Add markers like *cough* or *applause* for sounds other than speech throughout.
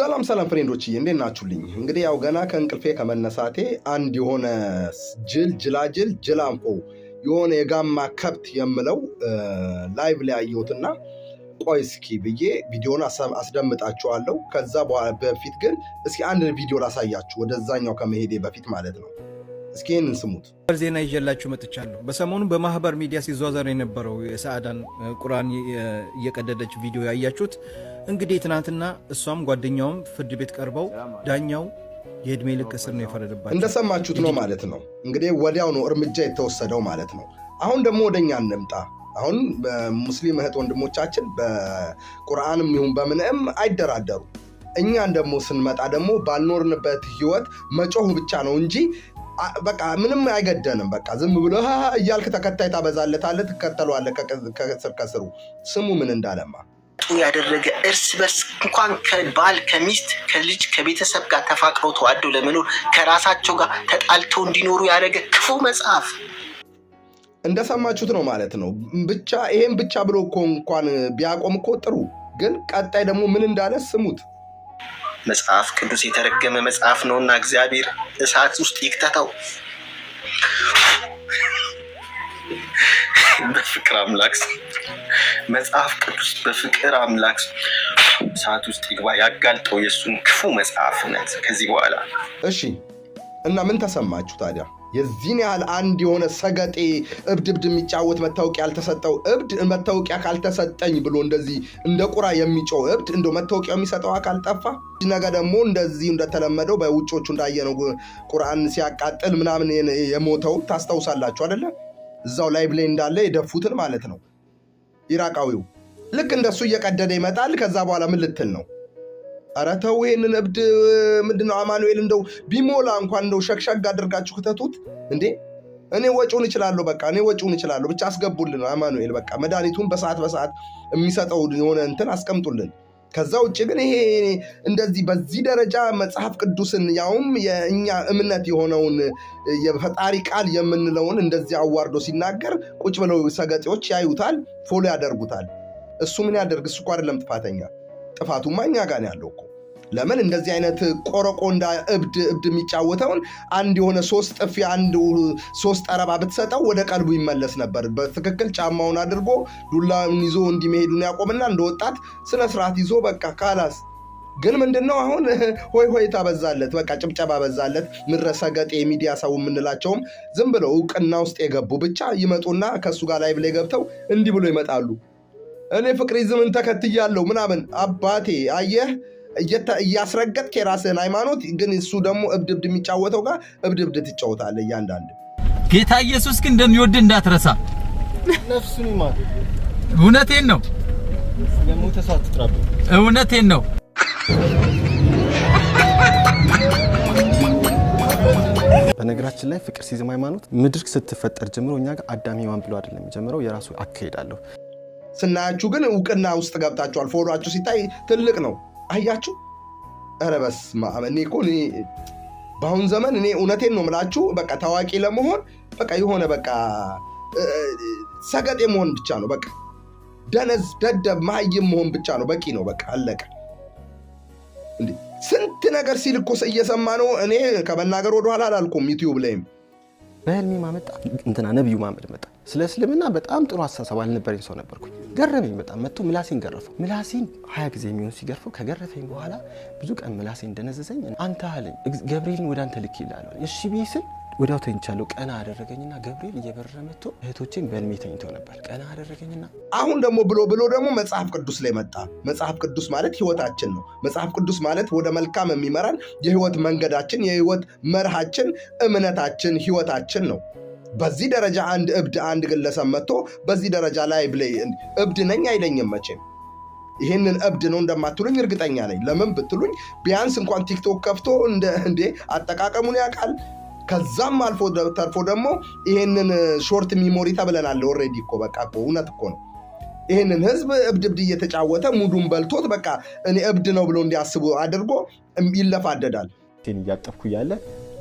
ሰላም ሰላም ፍሬንዶች እንዴት ናችሁልኝ? እንግዲህ ያው ገና ከእንቅልፌ ከመነሳቴ አንድ የሆነ ጅል ጅላጅል ጅላንፎ የሆነ የጋማ ከብት የምለው ላይቭ ላይ አየሁትና ቆይ እስኪ ብዬ ቪዲዮን አስደምጣችኋለሁ። ከዛ በፊት ግን እስኪ አንድ ቪዲዮ ላሳያችሁ፣ ወደዛኛው ከመሄዴ በፊት ማለት ነው። እስኪ ይህንን ስሙት። ዜና ይዤላችሁ መጥቻለሁ። በሰሞኑ በማህበር ሚዲያ ሲዘዋዘር የነበረው የሰዓዳን ቁርአን እየቀደደች ቪዲዮ ያያችሁት እንግዲህ ትናንትና እሷም ጓደኛውም ፍርድ ቤት ቀርበው ዳኛው የእድሜ ልክ እስር ነው የፈረደባቸው። እንደሰማችሁት ነው ማለት ነው። እንግዲህ ወዲያው ነው እርምጃ የተወሰደው ማለት ነው። አሁን ደግሞ ወደኛ እንምጣ። አሁን ሙስሊም እህት ወንድሞቻችን በቁርአንም ይሁን በምንም አይደራደሩ። እኛን ደግሞ ስንመጣ ደግሞ ባልኖርንበት ህይወት መጮህ ብቻ ነው እንጂ በቃ ምንም አይገደንም። በቃ ዝም ብሎ እያልክ ተከታይ ታበዛለታለህ፣ ትከተለዋለህ ከስር ከስሩ ስሙ ምን እንዳለማ ያደረገ እርስ በርስ እንኳን ከባል ከሚስት ከልጅ ከቤተሰብ ጋር ተፋቅረው ተዋደው ለመኖር ከራሳቸው ጋር ተጣልተው እንዲኖሩ ያደረገ ክፉ መጽሐፍ እንደሰማችሁት ነው ማለት ነው። ብቻ ይሄን ብቻ ብሎ እኮ እንኳን ቢያቆም እኮ ጥሩ፣ ግን ቀጣይ ደግሞ ምን እንዳለ ስሙት። መጽሐፍ ቅዱስ የተረገመ መጽሐፍ ነውና እግዚአብሔር እሳት ውስጥ ይክተተው። በፍቅር አምላክ መጽሐፍ ቅዱስ በፍቅር አምላክ እሳት ውስጥ ይግባ፣ ያጋልጠው የእሱን ክፉ መጽሐፍነት ከዚህ በኋላ እሺ። እና ምን ተሰማችሁ ታዲያ? የዚህን ያህል አንድ የሆነ ሰገጤ እብድ እብድ የሚጫወት መታወቂያ ያልተሰጠው እብድ መታወቂያ ካልተሰጠኝ ብሎ እንደዚህ እንደ ቁራ የሚጮው እብድ እንደ መታወቂያው የሚሰጠው አካል ጠፋ። ነገ ደግሞ እንደዚህ እንደተለመደው በውጮቹ እንዳየነው ቁርአን ሲያቃጥል ምናምን የሞተው ታስታውሳላችሁ አደለ? እዛው ላይ ብላይ እንዳለ የደፉትን ማለት ነው። ኢራቃዊው ልክ እንደሱ እየቀደደ ይመጣል። ከዛ በኋላ ምን ልትል ነው? ኧረ ተው ይሄንን እብድ ምንድነው አማኑኤል እንደው ቢሞላ እንኳን እንደው ሸክሸግ አድርጋችሁ ክተቱት እንዴ እኔ ወጪውን እችላለሁ በቃ እኔ ወጪውን እችላለሁ ብቻ አስገቡልን አማኑኤል በቃ መድኃኒቱን በሰዓት በሰዓት የሚሰጠው የሆነ እንትን አስቀምጡልን ከዛ ውጭ ግን ይሄ እንደዚህ በዚህ ደረጃ መጽሐፍ ቅዱስን ያውም የእኛ እምነት የሆነውን የፈጣሪ ቃል የምንለውን እንደዚህ አዋርዶ ሲናገር ቁጭ ብለው ሰገጤዎች ያዩታል ፎሎ ያደርጉታል እሱ ምን ያደርግ እሱ እኮ አይደለም ጥፋተኛ ጥፋቱ ማኛ ጋር ያለው እኮ ለምን እንደዚህ አይነት ቆረቆ እንዳ እብድ እብድ የሚጫወተውን አንድ የሆነ ሶስት ጥፊ አንድ ሶስት ጠረባ ብትሰጠው ወደ ቀልቡ ይመለስ ነበር። በትክክል ጫማውን አድርጎ ዱላውን ይዞ እንዲመሄዱን ያቆምና እንደ ወጣት ስነ ስርዓት ይዞ በቃ ካላስ። ግን ምንድን ነው አሁን *laughs* ሆይ ሆይ ታበዛለት፣ በቃ ጭብጨባ በዛለት። ምድረሰገጤ የሚዲያ ሰው የምንላቸውም ዝም ብለው እውቅና ውስጥ የገቡ ብቻ ይመጡና ከእሱ ጋር ላይ ላይ ገብተው እንዲህ ብሎ ይመጣሉ። እኔ ፍቅሪዝምን ተከትያለሁ ምናምን አባቴ አየህ እያስረገጥክ የራስህን ሃይማኖት ግን እሱ ደግሞ እብድብድ የሚጫወተው ጋር እብድብድ ትጫወታለህ። እያንዳንድ ጌታ ኢየሱስ ግን እንደሚወድ እንዳትረሳ። ነፍሱን ይማር። እውነቴን ነው። ሰው አትጥራብኝ። እውነቴን ነው። በነገራችን ላይ ፍቅር ሲዝም ሃይማኖት ምድር ስትፈጠር ጀምሮ እኛ ጋር አዳም ሔዋን ብሎ አይደለም የጀመረው የራሱ አካሄድ አለው። ስናያችሁ ግን እውቅና ውስጥ ገብታችኋል። ፎሎችሁ ሲታይ ትልቅ ነው። አያችሁ? ረበስ በስመ እኔ እኮ በአሁን ዘመን እኔ እውነቴን ነው የምላችሁ። በቃ ታዋቂ ለመሆን በቃ የሆነ በቃ ሰገጤ መሆን ብቻ ነው በቃ ደነዝ፣ ደደብ፣ መሀይም መሆን ብቻ ነው በቂ ነው። በቃ አለቀ። ስንት ነገር ሲል እኮ እየሰማ ነው። እኔ ከመናገር ወደኋላ አላልኩም። ዩቲዩብ ላይም በህልሜ ማመጣ እንትና ነብዩ ማመድ መጣ ስለ እስልምና በጣም ጥሩ አስተሳሰብ አልነበረኝ ሰው ነበርኩኝ። ገረመኝ በጣም መጥቶ ምላሴን ገረፈው። ምላሴን ሀያ ጊዜ የሚሆን ሲገርፈው ከገረፈኝ በኋላ ብዙ ቀን ምላሴ እንደነዘዘኝ አንተ አለኝ ገብርኤልን ወደ አንተ ልክ ይላለ። እሺ ብዬ ስል ወዲያው ተኝቻለሁ። ቀና አደረገኝና ገብርኤል እየበረረ መጥቶ እህቶቼን በልሜ ተኝተው ነበር። ቀና አደረገኝና አሁን ደግሞ ብሎ ብሎ ደግሞ መጽሐፍ ቅዱስ ላይ መጣ። መጽሐፍ ቅዱስ ማለት ህይወታችን ነው። መጽሐፍ ቅዱስ ማለት ወደ መልካም የሚመራን የህይወት መንገዳችን፣ የህይወት መርሃችን፣ እምነታችን፣ ህይወታችን ነው። በዚህ ደረጃ አንድ እብድ አንድ ግለሰብ መጥቶ በዚህ ደረጃ ላይ እብድ ነኝ አይለኝም መቼም። ይህንን እብድ ነው እንደማትሉኝ እርግጠኛ ነኝ። ለምን ብትሉኝ ቢያንስ እንኳን ቲክቶክ ከፍቶ እንዴ አጠቃቀሙን ያውቃል። ከዛም አልፎ ተርፎ ደግሞ ይህንን ሾርት ሚሞሪ ተብለናል። ኦልሬዲ እኮ በቃ እውነት እኮ ነው። ይህንን ህዝብ እብድ እብድ እየተጫወተ ሙዱን በልቶት በቃ እኔ እብድ ነው ብሎ እንዲያስቡ አድርጎ ይለፋደዳል። እያጠፍኩ እያለ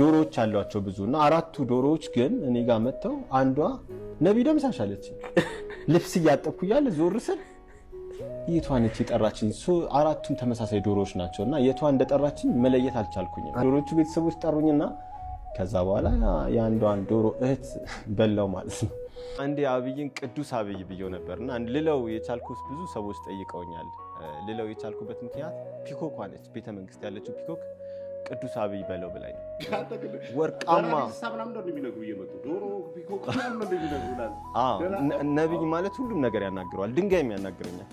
ዶሮዎች አሏቸው ብዙ እና አራቱ ዶሮዎች ግን እኔ ጋር መጥተው አንዷ ነቢ ደምሳሽ አለች። ልብስ እያጠብኩ እያለ ዞር ስል ነች የጠራችኝ? አራቱም ተመሳሳይ ዶሮዎች ናቸው እና የቷ እንደጠራችኝ መለየት አልቻልኩኝም። ዶሮዎቹ ቤተሰቦች ጠሩኝና ከዛ በኋላ የአንዷን ዶሮ እህት በላው ማለት ነው። አንድ አብይን ቅዱስ አብይ ብየው ነበር እና ልለው የቻልኩት ብዙ ሰዎች ጠይቀውኛል። ልለው የቻልኩበት ምክንያት ፒኮኳ ነች። ቤተመንግስት ያለችው ፒኮክ ቅዱስ አብይ በለው ብላኝ ወርቃማ ነቢይ ማለት ሁሉም ነገር ያናግረዋል። ድንጋይም ያናግረኛል።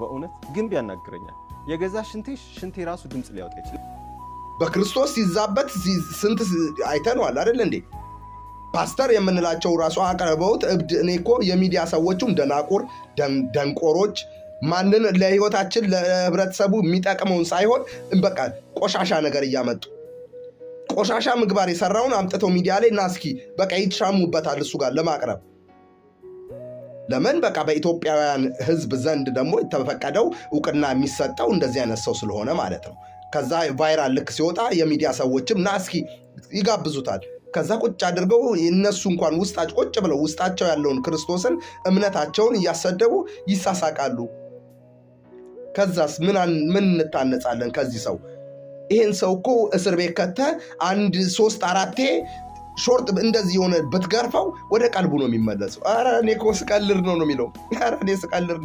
በእውነት ግንብ ያናግረኛል። የገዛ ሽንቴ ሽንቴ ራሱ ድምፅ ሊያወጣ ይችላል። በክርስቶስ ሲዛበት ስንት አይተነዋል አይደል እንዴ? ፓስተር የምንላቸው ራሱ አቅርበውት እብድ። እኔ እኮ የሚዲያ ሰዎቹም ደናቁር፣ ደንቆሮች ማንን ለህይወታችን ለህብረተሰቡ የሚጠቅመውን ሳይሆን በቃ ቆሻሻ ነገር እያመጡ ቆሻሻ ምግባር የሰራውን አምጥተው ሚዲያ ላይ እና እስኪ በቃ ይትሻሙበታል እሱ ጋር ለማቅረብ ለምን በቃ በኢትዮጵያውያን ህዝብ ዘንድ ደግሞ የተፈቀደው እውቅና የሚሰጠው እንደዚህ አይነት ሰው ስለሆነ ማለት ነው። ከዛ ቫይራል ልክ ሲወጣ የሚዲያ ሰዎችም ና እስኪ ይጋብዙታል። ከዛ ቁጭ አድርገው እነሱ እንኳን ውስጣቸው ቁጭ ብለው ውስጣቸው ያለውን ክርስቶስን እምነታቸውን እያሰደቡ ይሳሳቃሉ። ከዛስ ምን እንታነጻለን ከዚህ ሰው? ይህን ሰው እኮ እስር ቤት ከተ አንድ ሶስት አራቴ ሾርት እንደዚህ የሆነ ብትገርፈው ወደ ቀልቡ ነው የሚመለሰው። ኧረ እኔ እኮ ነው ነው የሚለው። ኧረ እኔ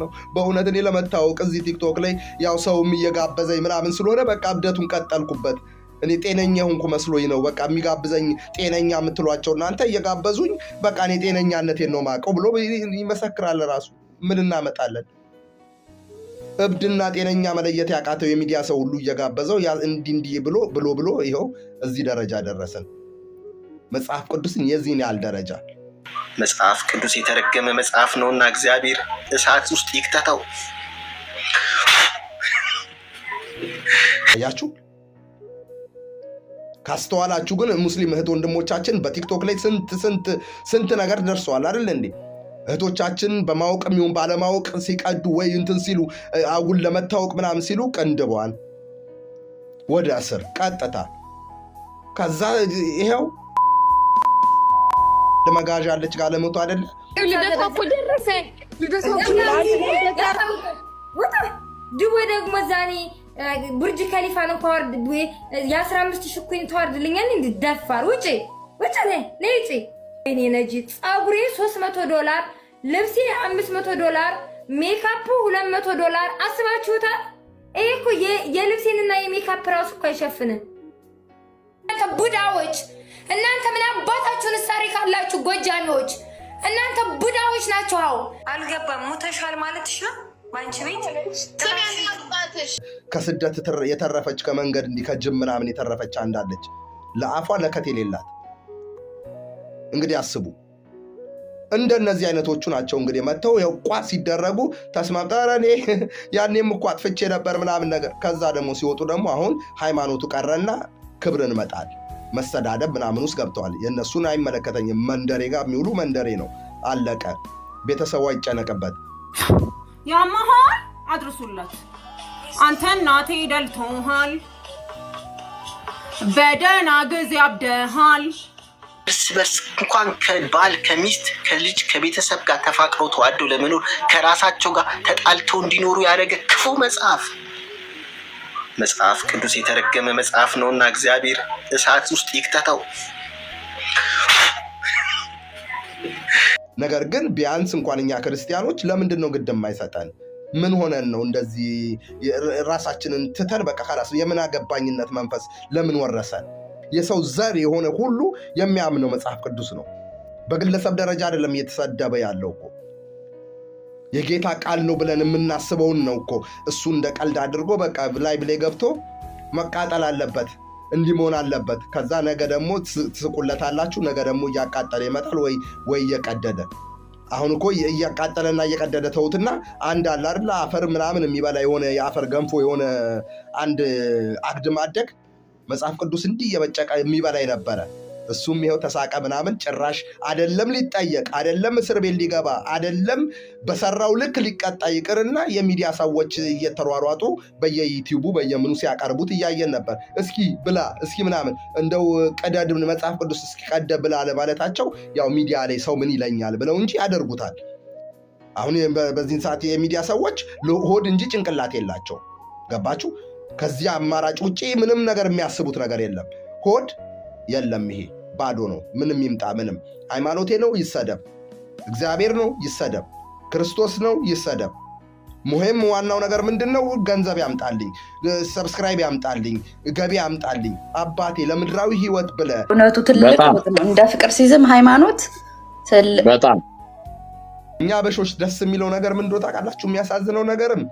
ነው በእውነት እኔ ለመታወቅ እዚህ ቲክቶክ ላይ ያው ሰውም እየጋበዘኝ ምናምን ስለሆነ በቃ እብደቱን ቀጠልኩበት። እኔ ጤነኛ ሆንኩ መስሎኝ ነው በቃ የሚጋብዘኝ ጤነኛ የምትሏቸው እናንተ እየጋበዙኝ በቃ እኔ ጤነኛነቴን ነው ማቀው ብሎ ይመሰክራል ራሱ። ምን እናመጣለን? እብድና ጤነኛ መለየት ያቃተው የሚዲያ ሰው ሁሉ እየጋበዘው እንዲህ እንዲህ ብሎ ብሎ ብሎ ይኸው እዚህ ደረጃ ደረሰን። መጽሐፍ ቅዱስን የዚህን ያህል ደረጃ መጽሐፍ ቅዱስ የተረገመ መጽሐፍ ነውና እግዚአብሔር እሳት ውስጥ ይክተተው። ያችሁ ካስተዋላችሁ ግን ሙስሊም እህት ወንድሞቻችን በቲክቶክ ላይ ስንት ስንት ስንት ነገር ደርሰዋል አይደል እንዴ? እህቶቻችን በማወቅ የሚሆን ባለማወቅ ሲቀዱ ወይ እንትን ሲሉ አጉል ለመታወቅ ምናምን ሲሉ ቀንድበዋል። ወደ እስር ቀጥታ። ከዛ ይኸው መጋዣ አለች ጋር ለመቶ አይደለ ልደቷ ድዌ ደግሞ ዛኔ ብርጅ ከሊፋን እንኳ ወርድ ድዌ የአስራ አምስት ሺህ ተዋርድልኛል። እንዲህ ደፋር ውጭ ውጪ ነ ነይ ውጪ እኔ ነጂ ፀጉሬ ሶስት መቶ ዶላር ልብሴ 500 መቶ ዶላር ሜካፑ 200 ዶላር አስባችሁታል? ይሄ እኮ የልብሴንና የሜካፕ ራሱ እኮ አይሸፍንም። ቡዳዎች እናንተ ምን አባታችሁን እሳሪ ካላችሁ ጎጃሚዎች እናንተ ቡዳዎች ናችሁ። አዎ አልገባም። ሙተሻል ማለት ሻ ቤት ከስደት የተረፈች ከመንገድ እንዲህ ከጅብ ምናምን የተረፈች አንዳለች ለአፏ ለከት የሌላት እንግዲህ አስቡ። እንደነዚህ አይነቶቹ ናቸው እንግዲህ መጥተው ይኸው ቋት ሲደረጉ ተስማምተን እኔ *laughs* ያኔም እኮ አጥፍቼ ነበር ምናምን ነገር። ከዛ ደግሞ ሲወጡ ደግሞ አሁን ሃይማኖቱ ቀረና ክብርን መጣል መሰዳደብ ምናምን ውስጥ ገብተዋል። የእነሱን አይመለከተኝም። መንደሬ ጋር የሚውሉ መንደሬ ነው። አለቀ። ቤተሰቡ አይጨነቅበት። ያመሃል አድርሱለት አንተ እናቴ ደልቶሃል፣ በደና ጊዜ አብደሃል። እርስ በርስ እንኳን ከባል ከሚስት ከልጅ ከቤተሰብ ጋር ተፋቅረው ተዋደው ለመኖር ከራሳቸው ጋር ተጣልተው እንዲኖሩ ያደረገ ክፉ መጽሐፍ መጽሐፍ ቅዱስ የተረገመ መጽሐፍ ነውና እግዚአብሔር እሳት ውስጥ ይክተተው። ነገር ግን ቢያንስ እንኳን እኛ ክርስቲያኖች ለምንድን ነው ግድ የማይሰጠን? ምን ሆነን ነው እንደዚህ ራሳችንን ትተን በቃ ከራስ የምን አገባኝነት መንፈስ ለምን ወረሰን? የሰው ዘር የሆነ ሁሉ የሚያምነው መጽሐፍ ቅዱስ ነው። በግለሰብ ደረጃ አይደለም እየተሰደበ ያለው እኮ የጌታ ቃል ነው ብለን የምናስበውን ነው እኮ እሱ እንደ ቀልድ አድርጎ በቃ ላይብሌ ገብቶ መቃጠል አለበት እንዲህ መሆን አለበት። ከዛ ነገ ደግሞ ትስቁለታላችሁ። ነገ ደግሞ እያቃጠለ ይመጣል ወይ ወይ እየቀደደ አሁን እኮ እያቃጠለና እየቀደደ ተውትና አንድ አለ አይደል አፈር ምናምን የሚበላ የሆነ የአፈር ገንፎ የሆነ አንድ አግድ ማደግ መጽሐፍ ቅዱስ እንዲህ እየበጨቀ የሚበላኝ ነበረ። እሱም ይኸው ተሳቀ ምናምን። ጭራሽ አደለም ሊጠየቅ አደለም እስር ቤት ሊገባ አደለም በሰራው ልክ ሊቀጣ ይቅርና የሚዲያ ሰዎች እየተሯሯጡ በየዩቲዩቡ በየምኑ ሲያቀርቡት እያየን ነበር። እስኪ ብላ እስኪ ምናምን እንደው ቅደድ መጽሐፍ ቅዱስ እስኪ ቀደ ብላ ለማለታቸው ያው ሚዲያ ላይ ሰው ምን ይለኛል ብለው እንጂ ያደርጉታል። አሁን በዚህን ሰዓት የሚዲያ ሰዎች ሆድ እንጂ ጭንቅላት የላቸው። ገባችሁ? ከዚህ አማራጭ ውጭ ምንም ነገር የሚያስቡት ነገር የለም። ሆድ የለም፣ ይሄ ባዶ ነው። ምንም ይምጣ ምንም፣ ሃይማኖቴ ነው ይሰደብ፣ እግዚአብሔር ነው ይሰደብ፣ ክርስቶስ ነው ይሰደብ። ሙሄም ዋናው ነገር ምንድን ነው? ገንዘብ ያምጣልኝ፣ ሰብስክራይብ ያምጣልኝ፣ ገቢ ያምጣልኝ። አባቴ ለምድራዊ ህይወት ብለ እውነቱ ትልቅ እንደ ፍቅር ሲዝም ሃይማኖት በጣም እኛ በሾች ደስ የሚለው ነገር ምንድን ነው ታውቃላችሁ? የሚያሳዝነው ነገርም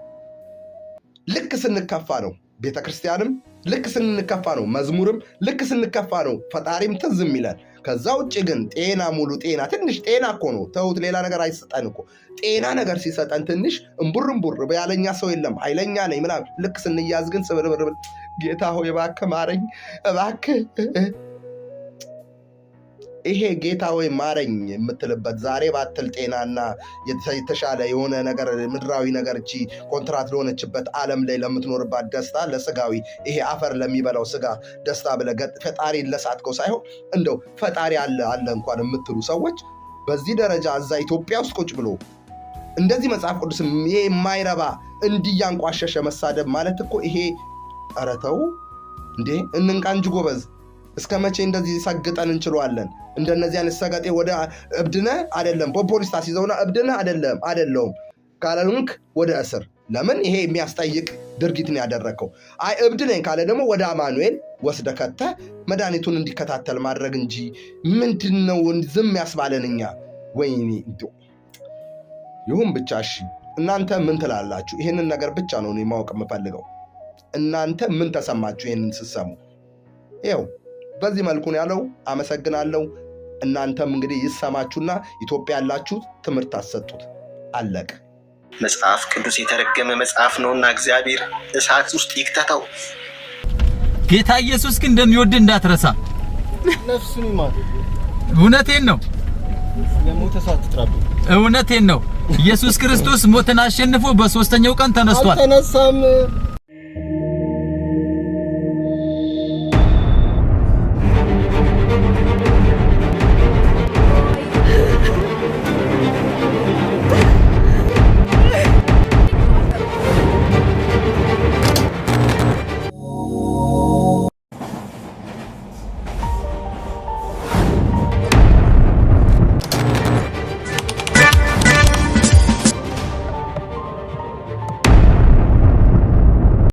ልክ ስንከፋ ነው። ቤተ ክርስቲያንም ልክ ስንከፋ ነው፣ መዝሙርም ልክ ስንከፋ ነው፣ ፈጣሪም ትዝም ይላል። ከዛ ውጭ ግን ጤና ሙሉ ጤና ትንሽ ጤና እኮ ነው ተውት፣ ሌላ ነገር አይሰጠን እኮ ጤና ነገር ሲሰጠን ትንሽ እምቡር እምቡር ያለኛ ሰው የለም፣ ኃይለኛ ነኝ ምናምን። ልክ ስንያዝ ግን ስብርብርብ ጌታ ሆይ እባክህ ማረኝ እባክህ ይሄ ጌታ ወይ ማረኝ የምትልበት ዛሬ ባትል ጤናና የተሻለ የሆነ ነገር ምድራዊ ነገር እቺ ኮንትራት ለሆነችበት ዓለም ላይ ለምትኖርባት ደስታ ለስጋዊ ይሄ አፈር ለሚበላው ስጋ ደስታ ብለህ ፈጣሪ ለሳትከው ሳይሆን እንደው ፈጣሪ አለ አለ እንኳን የምትሉ ሰዎች በዚህ ደረጃ እዛ ኢትዮጵያ ውስጥ ቁጭ ብሎ እንደዚህ መጽሐፍ ቅዱስም ይሄ የማይረባ እንዲያንቋሸሸ መሳደብ ማለት እኮ ይሄ ኧረ ተው እንዴ! እንንቃ እንጂ ጎበዝ። እስከ መቼ እንደዚህ ሰግጠን እንችለዋለን? እንደነዚህ አይነት ሰገጤ ወደ እብድነ አይደለም በፖሊስ ታስይዘውና እብድነ አይደለም አይደለውም ካለንክ ወደ እስር። ለምን ይሄ የሚያስጠይቅ ድርጊት ነው ያደረግከው። አይ እብድ ነኝ ካለ ደግሞ ወደ አማኑኤል ወስደ ከተ መድኃኒቱን እንዲከታተል ማድረግ እንጂ ምንድን ነው ዝም ያስባለን? እኛ ወይኔ ይሁን ብቻ። እሺ እናንተ ምን ትላላችሁ? ይህንን ነገር ብቻ ነው ማወቅ የምፈልገው። እናንተ ምን ተሰማችሁ ይህንን ስትሰሙ? ይኸው በዚህ መልኩ ነው ያለው። አመሰግናለሁ። እናንተም እንግዲህ ይሰማችሁና ኢትዮጵያ ያላችሁ ትምህርት አሰጡት። አለቀ። መጽሐፍ ቅዱስ የተረገመ መጽሐፍ ነውና እግዚአብሔር እሳት ውስጥ ይክተተው። ጌታ ኢየሱስ ግን እንደሚወድ እንዳትረሳ። ነፍሱን ይማር። እውነቴን ነው። እውነቴን ነው። ኢየሱስ ክርስቶስ ሞትን አሸንፎ በሶስተኛው ቀን ተነስቷል።